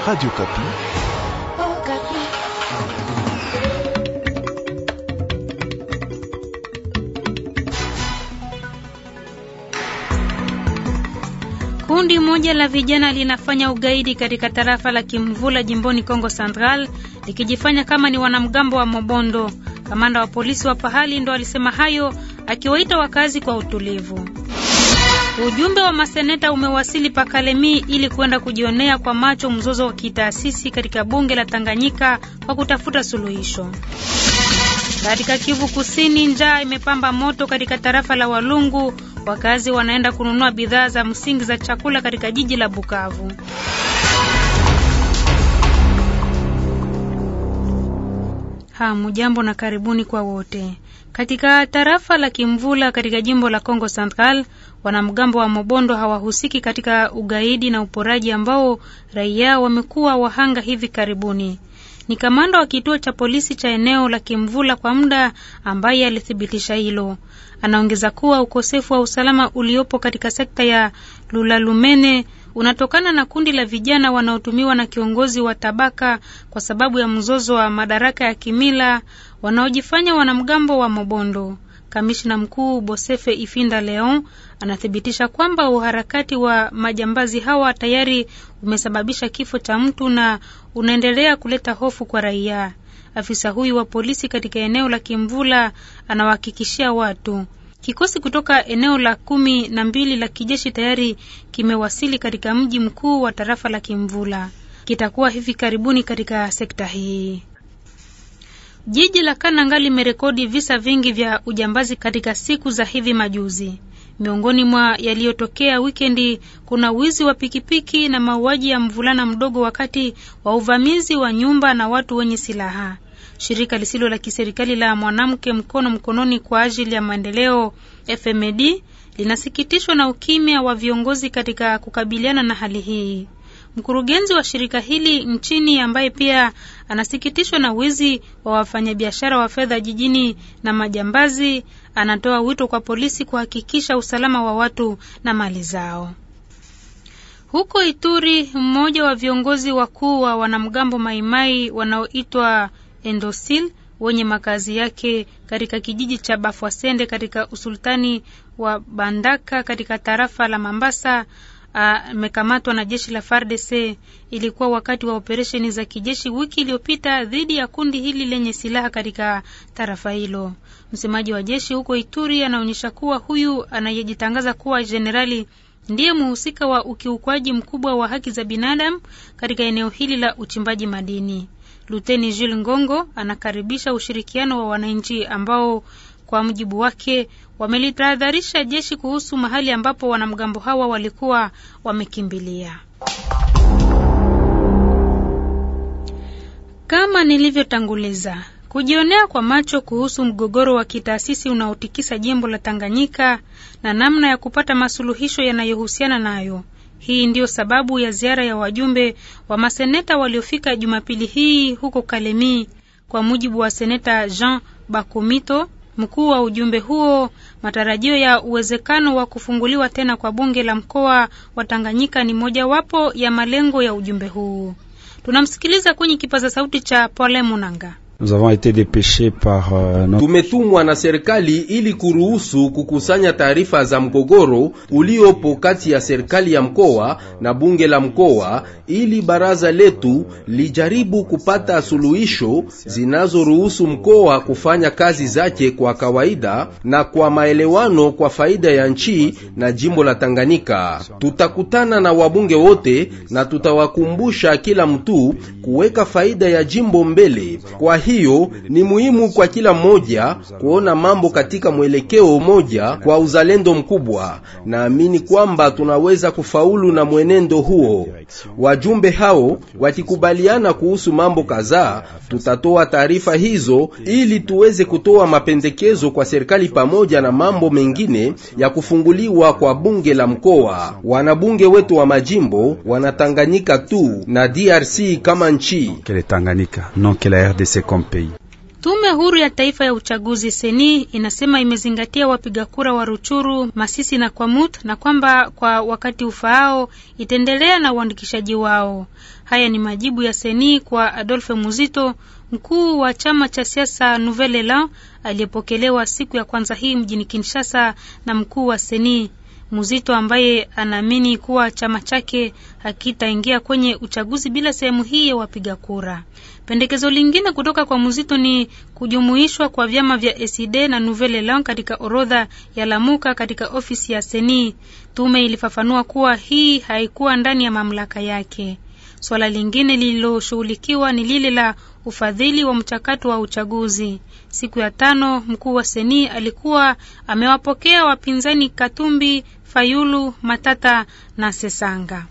Radio Kapi. Oh, Kapi. Kundi moja la vijana linafanya ugaidi katika tarafa la Kimvula jimboni Kongo Central likijifanya kama ni wanamgambo wa Mobondo. Kamanda wa polisi wa pahali ndo alisema hayo akiwaita wakazi kwa utulivu. Ujumbe wa maseneta umewasili Pakalemi ili kwenda kujionea kwa macho mzozo wa kitaasisi katika bunge la Tanganyika kwa kutafuta suluhisho. Katika Kivu Kusini, njaa imepamba moto katika tarafa la Walungu. Wakazi wanaenda kununua bidhaa za msingi za chakula katika jiji la Bukavu. Hamujambo na karibuni kwa wote. Katika tarafa la Kimvula katika jimbo la congo Central, wanamgambo wa Mobondo hawahusiki katika ugaidi na uporaji ambao raia wamekuwa wahanga hivi karibuni. Ni kamanda wa kituo cha polisi cha eneo la Kimvula kwa muda ambaye alithibitisha hilo. Anaongeza kuwa ukosefu wa usalama uliopo katika sekta ya Lulalumene unatokana na kundi la vijana wanaotumiwa na kiongozi wa tabaka kwa sababu ya mzozo wa madaraka ya kimila wanaojifanya wanamgambo wa Mobondo. Kamishna mkuu Bosefe Ifinda Leon anathibitisha kwamba uharakati wa majambazi hawa tayari umesababisha kifo cha mtu na unaendelea kuleta hofu kwa raia. Afisa huyu wa polisi katika eneo la Kimvula anawahakikishia watu Kikosi kutoka eneo la kumi na mbili la kijeshi tayari kimewasili katika mji mkuu wa tarafa la Kimvula. Kitakuwa hivi karibuni katika sekta hii. Jiji la Kananga limerekodi visa vingi vya ujambazi katika siku za hivi majuzi. Miongoni mwa yaliyotokea wikendi kuna wizi wa pikipiki na mauaji ya mvulana mdogo wakati wa uvamizi wa nyumba na watu wenye silaha shirika lisilo la kiserikali la mwanamke mkono mkononi kwa ajili ya maendeleo FMD linasikitishwa na ukimya wa viongozi katika kukabiliana na hali hii. Mkurugenzi wa shirika hili nchini ambaye pia anasikitishwa na wizi wa wafanyabiashara wa fedha jijini na majambazi anatoa wito kwa polisi kuhakikisha usalama wa watu na mali zao. Huko Ituri, mmoja wa viongozi wakuu wa wanamgambo Maimai wanaoitwa Endosil wenye makazi yake katika kijiji cha Bafwasende katika usultani wa Bandaka katika tarafa la Mambasa amekamatwa na jeshi la FARDC. Ilikuwa wakati wa operesheni za kijeshi wiki iliyopita dhidi ya kundi hili lenye silaha katika tarafa hilo. Msemaji wa jeshi huko Ituri anaonyesha kuwa huyu anayejitangaza kuwa jenerali ndiye muhusika wa ukiukwaji mkubwa wa haki za binadamu katika eneo hili la uchimbaji madini. Luteni Jules Ngongo anakaribisha ushirikiano wa wananchi ambao kwa mujibu wake wamelitahadharisha jeshi kuhusu mahali ambapo wanamgambo hawa walikuwa wamekimbilia. Kama nilivyotanguliza, kujionea kwa macho kuhusu mgogoro wa kitaasisi unaotikisa jimbo la Tanganyika na namna ya kupata masuluhisho yanayohusiana nayo. Hii ndiyo sababu ya ziara ya wajumbe wa maseneta waliofika Jumapili hii huko Kalemi. Kwa mujibu wa seneta Jean Bakomito, mkuu wa ujumbe huo, matarajio ya uwezekano wa kufunguliwa tena kwa bunge la mkoa wa Tanganyika ni mojawapo ya malengo ya ujumbe huu. Tunamsikiliza kwenye kipaza sauti cha Pole Munanga. Euh, Tumetumwa na serikali ili kuruhusu kukusanya taarifa za mgogoro uliopo kati ya serikali ya mkoa na bunge la mkoa ili baraza letu lijaribu kupata suluhisho zinazoruhusu mkoa kufanya kazi zake kwa kawaida na kwa maelewano kwa faida ya nchi na jimbo la Tanganyika. Tutakutana na wabunge wote na tutawakumbusha kila mtu kuweka faida ya jimbo mbele kwa hiyo ni muhimu kwa kila mmoja kuona mambo katika mwelekeo mmoja kwa uzalendo mkubwa. Naamini kwamba tunaweza kufaulu na mwenendo huo. Wajumbe hao wakikubaliana kuhusu mambo kadhaa, tutatoa taarifa hizo ili tuweze kutoa mapendekezo kwa serikali pamoja na mambo mengine ya kufunguliwa kwa bunge la mkoa. Wanabunge wetu wa majimbo wanatanganyika tu na DRC kama nchi. Pompei. Tume huru ya taifa ya uchaguzi seni inasema imezingatia wapiga kura wa Ruchuru, Masisi na Kwamut na kwamba kwa wakati ufaao itaendelea na uandikishaji wao. Haya ni majibu ya seni kwa Adolphe Muzito, mkuu wa chama cha siasa Nouvel Elan, aliyepokelewa siku ya kwanza hii mjini Kinshasa na mkuu wa seni. Muzito ambaye anaamini kuwa chama chake hakitaingia kwenye uchaguzi bila sehemu hii ya wapiga kura. Pendekezo lingine kutoka kwa Muzito ni kujumuishwa kwa vyama vya sid e na Nouvelle Elan katika orodha ya Lamuka katika ofisi ya Seni. Tume ilifafanua kuwa hii haikuwa ndani ya mamlaka yake. Swala lingine lililoshughulikiwa ni lile la ufadhili wa mchakato wa uchaguzi. Siku ya tano, mkuu wa Seni alikuwa amewapokea wapinzani Katumbi, Fayulu, Matata na Sesanga.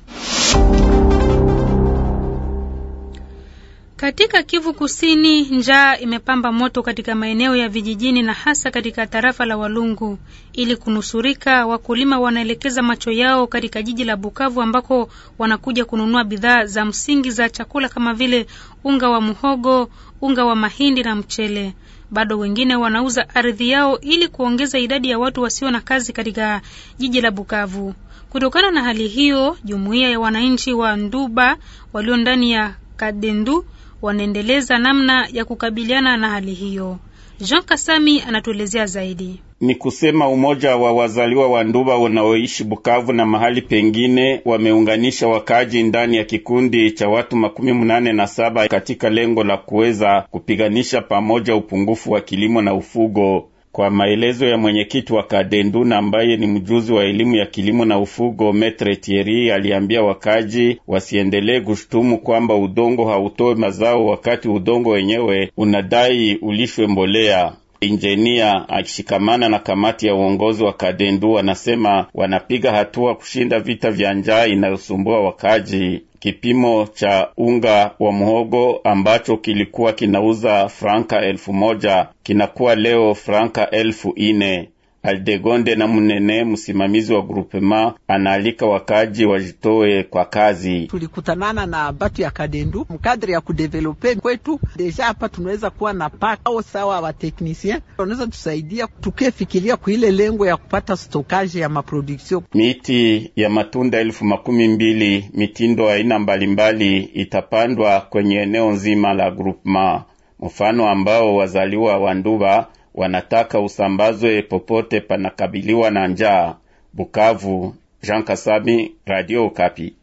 Katika Kivu Kusini, njaa imepamba moto katika maeneo ya vijijini na hasa katika tarafa la Walungu. Ili kunusurika, wakulima wanaelekeza macho yao katika jiji la Bukavu ambako wanakuja kununua bidhaa za msingi za chakula kama vile unga wa muhogo, unga wa mahindi na mchele. Bado wengine wanauza ardhi yao ili kuongeza idadi ya watu wasio na kazi katika jiji la Bukavu. Kutokana na hali hiyo, jumuiya ya wananchi wa Nduba walio ndani ya Kadendu wanaendeleza namna ya kukabiliana na hali hiyo. Jean Kasami anatuelezea zaidi. Ni kusema umoja wa wazaliwa wa Nduba wanaoishi Bukavu na mahali pengine wameunganisha wakaaji ndani ya kikundi cha watu makumi munane na saba katika lengo la kuweza kupiganisha pamoja upungufu wa kilimo na ufugo. Kwa maelezo ya mwenyekiti wa Kadenduna ambaye ni mjuzi wa elimu ya kilimo na ufugo, Metre Thierry aliambia wakaji wasiendelee kushutumu kwamba udongo hautoe mazao wakati udongo wenyewe unadai ulishwe mbolea. Injinia akishikamana na kamati ya uongozi wa Kadendu wanasema wanapiga hatua kushinda vita vya njaa inayosumbua wakaji. Kipimo cha unga wa muhogo ambacho kilikuwa kinauza franka elfu moja kinakuwa leo franka elfu ine. Aldegonde na Munene, msimamizi wa grupema, anaalika wakaji wajitoe kwa kazi. Tulikutanana na batu ya Kadendu mkadri ya kudevelope kwetu, deja hapa tunaweza kuwa na paka au sawa, wateknisien wanaweza tusaidia tukefikiria kuile lengo ya kupata stokaje ya maproduksio. Miti ya matunda elfu makumi mbili mitindo aina mbalimbali itapandwa kwenye eneo nzima la grupema, mfano ambao wazaliwa wa Nduba wanataka usambazwe popote panakabiliwa na njaa. Bukavu, Jean Kasami, Radio Kapi.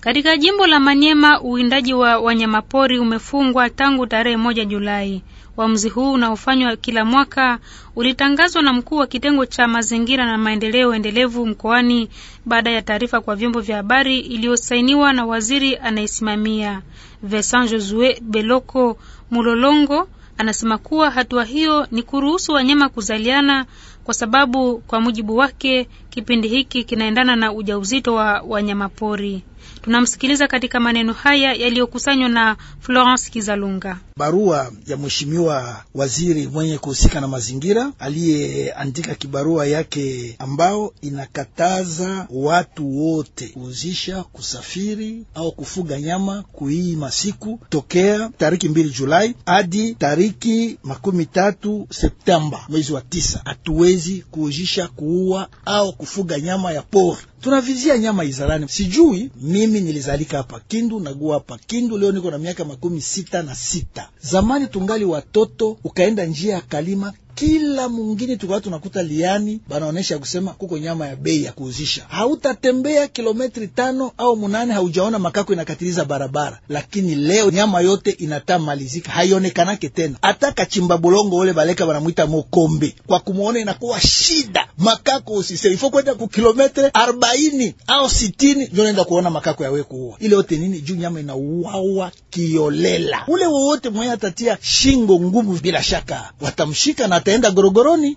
Katika jimbo la Manyema uwindaji wa wanyamapori umefungwa tangu tarehe moja Julai. Uamuzi huu unaofanywa kila mwaka ulitangazwa na mkuu wa kitengo cha mazingira na maendeleo endelevu mkoani baada ya taarifa kwa vyombo vya habari iliyosainiwa na waziri anayesimamia Vincent Josue Beloko Mulolongo Anasema kuwa hatua hiyo ni kuruhusu wanyama kuzaliana kwa sababu kwa mujibu wake kipindi hiki kinaendana na ujauzito wa wanyamapori. Tunamsikiliza katika maneno haya yaliyokusanywa na Florence Kizalunga. Barua ya mheshimiwa waziri mwenye kuhusika na mazingira aliyeandika kibarua yake ambao inakataza watu wote kuuzisha, kusafiri au kufuga nyama kuii masiku tokea tariki mbili Julai hadi tariki makumi tatu Septemba mwezi wa tisa. Hatuwezi kuuzisha, kuua au kufuga nyama ya pori tunavizia nyama izarani. Sijui mimi nilizalika hapa Kindu, nagua hapa Kindu, leo niko na miaka makumi sita na sita. Zamani tungali watoto, ukaenda njia ya Kalima kila mungine tukawa tunakuta liani banaonesha kusema kuko nyama ya bei ya kuuzisha. Hautatembea kilometri tano au munane haujaona makako inakatiliza barabara, lakini leo nyama yote malizika, haionekanake tena. Hata kachimba bulongo ule baleka banamwita mokombe, kwa kumwona inakuwa shida. Makako usise ifo kwenda ku kilometre arobaini au sitini ndio naenda kuona makako yawe kuua ile yote nini, juu nyama inauawa kiolela. Ule wowote mwenye atatia shingo ngumu, bila shaka watamshika na wataenda gorogoroni.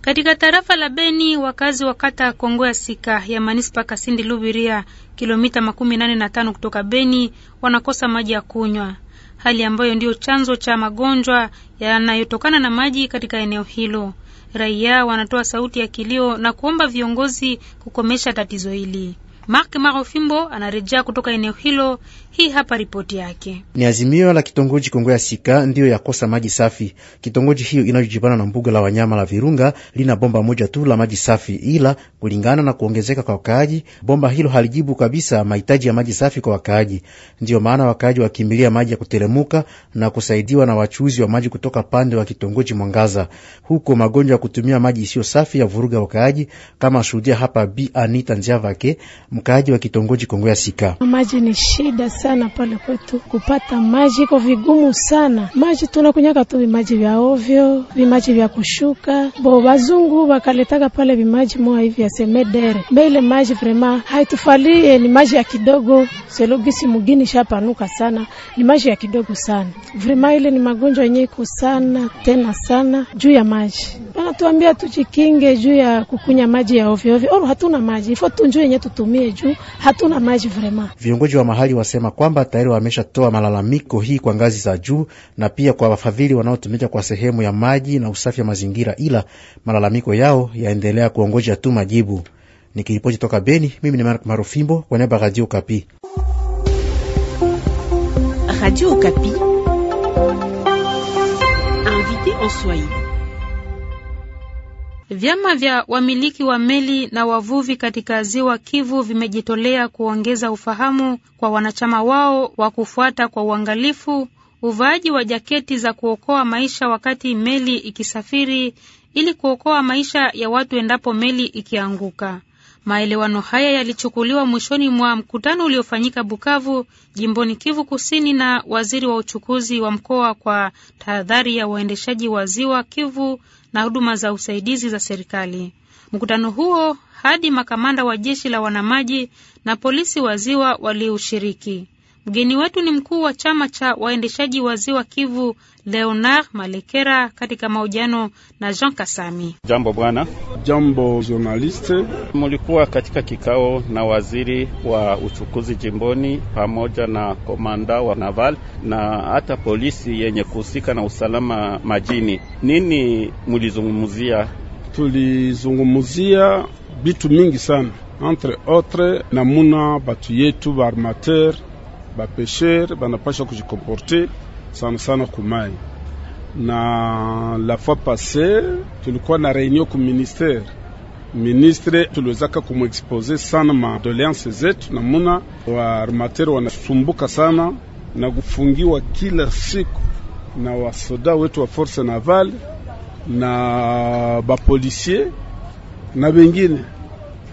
Katika tarafa la Beni, wakazi wa kata Kongo ya Sika ya manispa Kasindi Lubiria, kilomita makumi nane na tano kutoka Beni, wanakosa maji ya kunywa, hali ambayo ndiyo chanzo cha magonjwa yanayotokana na maji katika eneo hilo. Raia wanatoa sauti ya kilio na kuomba viongozi kukomesha tatizo hili. Mark Marofimbo anarejea kutoka eneo hilo. Hii hapa ripoti yake. Ni azimio la kitongoji Kongo ya Sika ndiyo yakosa maji safi. Kitongoji hiyo inayojibana na mbuga la wanyama la Virunga lina bomba moja tu la maji safi, ila kulingana na kuongezeka kwa wakaaji, bomba hilo halijibu kabisa mahitaji ya maji safi kwa wakaaji. Ndiyo maana wakaaji wakimbilia maji ya kutelemuka na kusaidiwa na wachuuzi wa maji kutoka pande wa kitongoji Mwangaza. Huko magonjwa ya kutumia maji isiyo safi ya vuruga wakaaji, kama shuhudia hapa Bi Anita Nziavake mkaaji wa kitongoji Kongo ya Sika. Maji ni shida sana pale kwetu, kupata maji iko vigumu sana. Maji tunakunyaka tu vimaji vya ovyo, vimaji vya kushuka bo wazungu wakaletaka pale vimaji moa hivi ya semedere mbele maji vrema haitufalie ni maji ya kidogo selogisi mugini shapanuka sana, ni maji ya kidogo sana vrema. Ile ni magonjwa yenye iko sana tena sana juu ya maji wanatuambia tujikinge juu ya kukunya maji ya ovyo ovyo. Oro, hatuna maji ifo tunjue yenye tutumie juu hatuna maji vrema. Viongozi wa mahali wasema kwamba tayari wameshatoa malalamiko hii kwa ngazi za juu na pia kwa wafadhili wanaotumika kwa sehemu ya maji na usafi wa mazingira, ila malalamiko yao yaendelea kuongoja tu majibu. Nikiripoti toka Beni, mimi ni Mark Marufimbo kwa niaba ya Radio Kapi. Radio Kapi. Invité en Swahili. Vyama vya wamiliki wa meli na wavuvi katika ziwa Kivu vimejitolea kuongeza ufahamu kwa wanachama wao wa kufuata kwa uangalifu uvaaji wa jaketi za kuokoa maisha wakati meli ikisafiri ili kuokoa maisha ya watu endapo meli ikianguka. Maelewano haya yalichukuliwa mwishoni mwa mkutano uliofanyika Bukavu, jimboni Kivu Kusini, na waziri wa uchukuzi wa mkoa kwa tahadhari ya waendeshaji wa ziwa Kivu na huduma za usaidizi za serikali. Mkutano huo hadi makamanda wa jeshi la wanamaji na polisi wa ziwa waliushiriki. Mgeni wetu ni mkuu wa chama cha waendeshaji wa ziwa Kivu, Leonard Malekera, katika mahojiano na Jean Kasami. Jambo bwana. Jambo journaliste. Mulikuwa katika kikao na waziri wa uchukuzi jimboni pamoja na komanda wa naval na hata polisi yenye kuhusika na usalama majini. Nini mulizungumzia? tulizungumuzia bitu mingi sana, entre autres namuna batu yetu ba armateur bapeshere banapasha kujikomporte sana sana kumai. Na la fois passe tulikuwa na reunion ku ministere ministre, tuliwezaka kumwexpose sana madoleanse zetu, namuna armateur wanasumbuka sana na kufungiwa kila siku na wasoda wetu wa force navale na bapolisier na bengine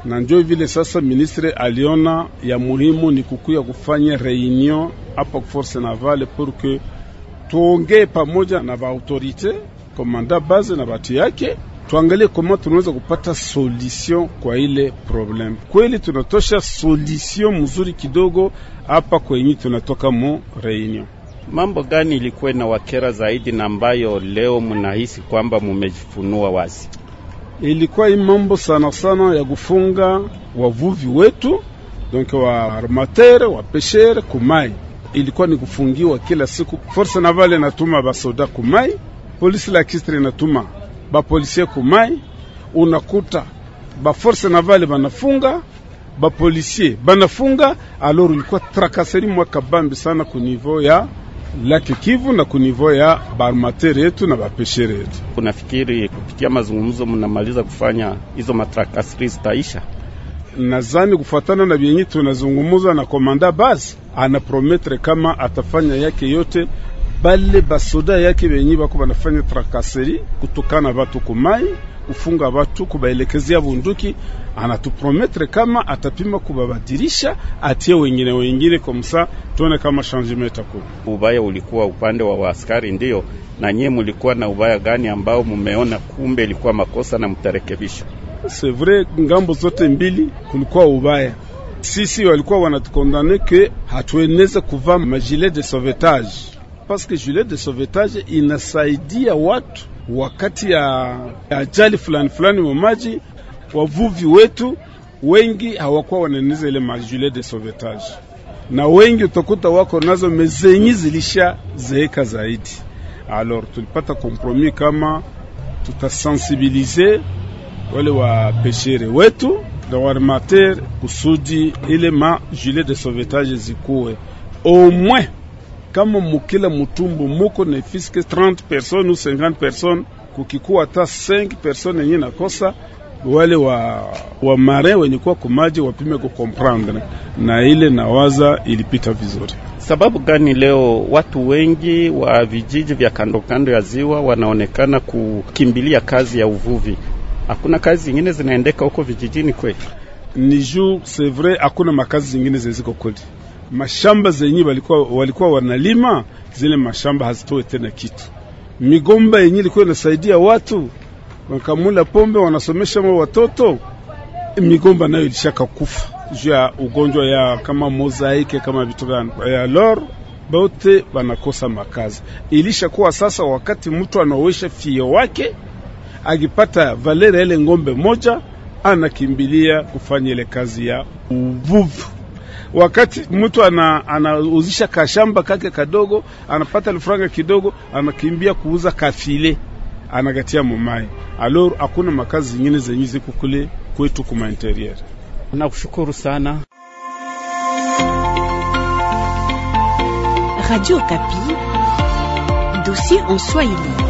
na njo vile sasa ministre aliona ya muhimu ni kukuya kufanya reunion hapa force navale pour que tuongee pamoja na autorite komanda base na batu yake tuangalie koma tunaweza kupata solution kwa ile problem. Kweli tunatosha solution mzuri kidogo hapa kwenye tunatoka mu reunion. Mambo gani ilikuwa na wakera zaidi na ambayo leo mnahisi kwamba mumejifunua wazi? ilikuwa hii mambo sana sana ya kufunga wavuvi wetu donc wa armateur wa peshere kumai, ilikuwa ni kufungiwa kila siku. Force navale natuma basoda kumai, polisi la kistre natuma bapolisie kumai. Unakuta baforce navale banafunga bapolisie banafunga, alors ilikuwa trakaseri bambi sana ku niveau ya lake Kivu na kunivo ya barumateri yetu na bapeshere yetu. Kunafikiri kupitia mazungumzo mnamaliza kufanya hizo matrakasiri zitaisha? Nazani kufuatana na vyenye tunazungumuza na komanda, basi anaprometre kama atafanya yake yote bale basoda yake benyi bako banafanya trakaseri kutukana batu kumai kufunga batu kubaelekezea bunduki, anatuprometre kama atapima kubabadilisha, atie wengine wengine komsa, tuone kama changement itakuwa. Ubaya ulikuwa upande wa waaskari, ndiyo na nyie mulikuwa na ubaya gani ambao mumeona kumbe ilikuwa makosa na mtarekebisha? C'est vrai, ngambo zote mbili kulikuwa ubaya. Sisi walikuwa wanatukondane ke hatueneze kuvaa majile de sauvetage paske gilet de sauvetage inasaidia watu wakati ya ajali fulani fulani wa maji. Wavuvi wetu wengi hawakuwa wananiza ile magilet de sauvetage, na wengi utakuta wako nazo mezenyi zilisha zeeka zaidi. Alors tulipata kompromis kama tutasensibilize wale wapeshere wetu na warmater kusudi ile ma gilet de sauvetage zikuwe omwe kama mukila mutumbu muko ne fiske 30 personnes ou 50 personnes, kukikuwa ta 5 personnes yenye nakosa wale wa, wa mare wenye kuwa kumaji wapime kukomprendre, na ile nawaza ilipita vizuri. Sababu gani leo watu wengi wa vijiji vya kando kando ya ziwa wanaonekana kukimbilia kazi ya uvuvi? Hakuna kazi zingine zinaendeka huko vijijini kweli? Ni juu c'est vrai, hakuna makazi zingine zeziko kweli mashamba zenye walikuwa, walikuwa wanalima zile mashamba hazitoe tena kitu. Migomba yenye ilikuwa inasaidia watu wakamula pombe wanasomesha ma watoto, migomba nayo ilishaka kufa juu ya ugonjwa ya kama mozaike kama vitu gani ya lor bote wanakosa makazi. Ilishakuwa sasa, wakati mtu anaoesha fio wake akipata valera ile ng'ombe moja, anakimbilia kufanya ile kazi ya uvuvu. Wakati mtu ana, anauzisha kashamba kake kadogo, anapata lufranga kidogo, anakimbia kuuza kafile, anagatia mumai. Alors hakuna makazi zingine zenye ziko kule kwetu kuma interior. Nakushukuru sana. Radio Kapi, dossier en Swahili.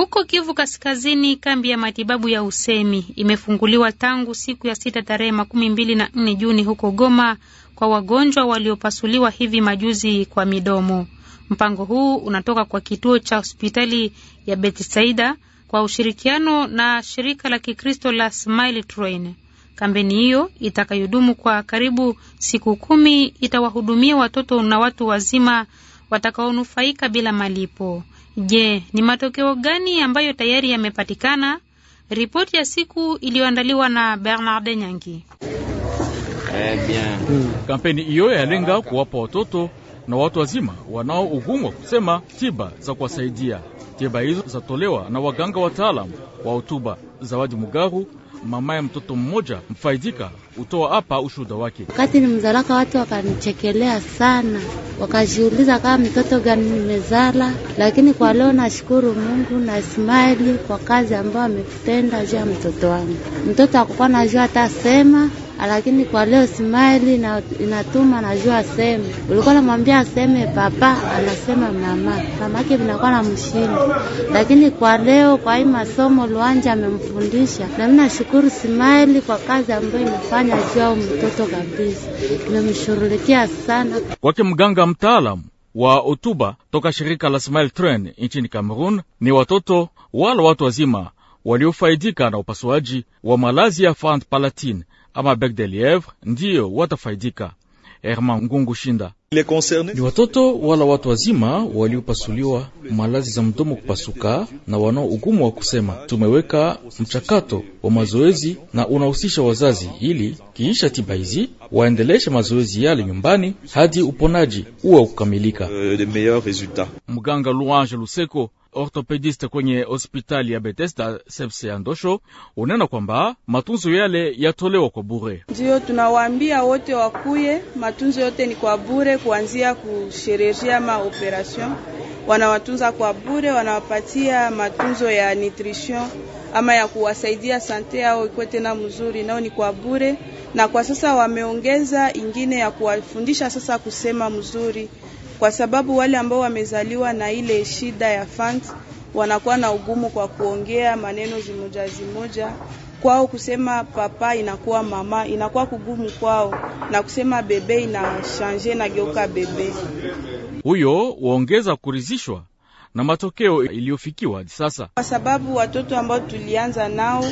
Huko Kivu Kaskazini, kambi ya matibabu ya usemi imefunguliwa tangu siku ya sita tarehe makumi mbili na nne Juni huko Goma kwa wagonjwa waliopasuliwa hivi majuzi kwa midomo. Mpango huu unatoka kwa kituo cha hospitali ya Betsaida kwa ushirikiano na shirika la Kikristo la Smile Train. Kampeni hiyo itakayodumu kwa karibu siku kumi itawahudumia watoto na watu wazima watakaonufaika bila malipo. Je, ni matokeo gani ambayo tayari yamepatikana? Ripoti ya siku iliyoandaliwa na Bernard Nyangi. Hmm. Kampeni hiyo yalenga kuwapa watoto na watu wazima wanao wanaougumwa kusema tiba za kuwasaidia. Tiba hizo zatolewa na waganga wataalamu wa hotuba. Zawadi Mugaru, mama ya mtoto mmoja mfaidika utoa hapa ushuhuda wake. Wakati ni mzalaka, watu wakanichekelea sana, wakajiuliza kama mtoto gani nimezala, lakini kwa leo nashukuru Mungu na smile kwa kazi ambayo ametenda juu ya mtoto wangu. Mtoto akukuwa najua hata sema lakini kwa leo smile ina, inatuma najua aseme. Ulikuwa namwambia aseme papa, anasema mama, mama yake vinakuwa na mshindi. Lakini kwa leo kwa hii masomo Luanja amemfundisha, na mimi nashukuru smile kwa kazi ambayo imefanya hawanya mtoto kabisa, inamshurulikia sana. Kwake mganga mtaalamu wa hotuba toka shirika la Smile Train nchini Cameroon, ni watoto wala watu wazima waliofaidika na upasuaji wa malazi ya fente palatine ama bec de lievre ndiyo watafaidika. Herman Ngungu Shinda ni watoto wala watu wazima waliopasuliwa malazi za mdomo kupasuka na wanao ugumu wa kusema. Tumeweka mchakato wa mazoezi na unahusisha wazazi, ili kiisha tiba hizi waendeleshe mazoezi yale nyumbani hadi uponaji uwe kukamilika. Euh, Mganga Luange Luseko orthopediste kwenye hospitali ya Bethesda sepse ya Ndosho unena kwamba matunzo yale yatolewa kwa bure. Ndiyo tunawaambia wote wakuye, matunzo yote ni kwa bure kuanzia kusherehekea ama operation, wanawatunza kwa bure, wanawapatia matunzo ya nutrition ama ya kuwasaidia sante yao ikuwe tena mzuri, nao ni kwa bure. Na kwa sasa wameongeza ingine ya kuwafundisha sasa kusema mzuri, kwa sababu wale ambao wamezaliwa na ile shida ya fans wanakuwa na ugumu kwa kuongea maneno zimoja zimoja kwao kusema papa inakuwa mama inakuwa kugumu kwao, na kusema bebe ina shanje na bebe. Huyo waongeza kurizishwa na matokeo iliyofikiwa hadi sasa, kwa sababu watoto ambao tulianza nao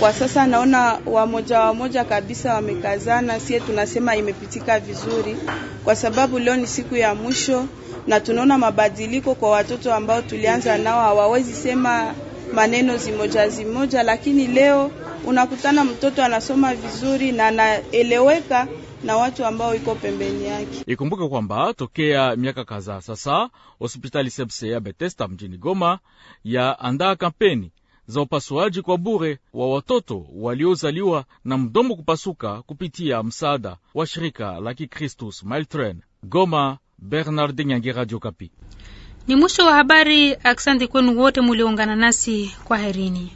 kwa sasa naona wamoja wamoja kabisa wamekazana. Sie tunasema imepitika vizuri, kwa sababu leo ni siku ya mwisho na tunaona mabadiliko kwa watoto ambao tulianza nao, hawawezi sema maneno zimoja zimoja, lakini leo unakutana mtoto anasoma vizuri na anaeleweka na watu ambao iko pembeni yake. Ikumbuke kwamba tokea miaka kadhaa sasa hospitali sebse ya betesta mjini Goma ya andaa kampeni za upasuaji kwa bure wa watoto waliozaliwa na mdomo kupasuka kupitia msaada wa shirika la Kikristus Smile Goma. Bernard Yangi, Radio Kapi. Ni mwisho wa habari. Asante kwenu wote mulioungana nasi, kwa herini.